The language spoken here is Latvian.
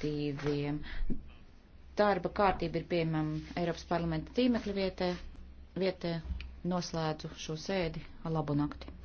aktīviem. Darba kārtība ir pieejama Eiropas parlamenta tīmekļa vietē. vietē noslēdzu šo sēdi. Labu nakti!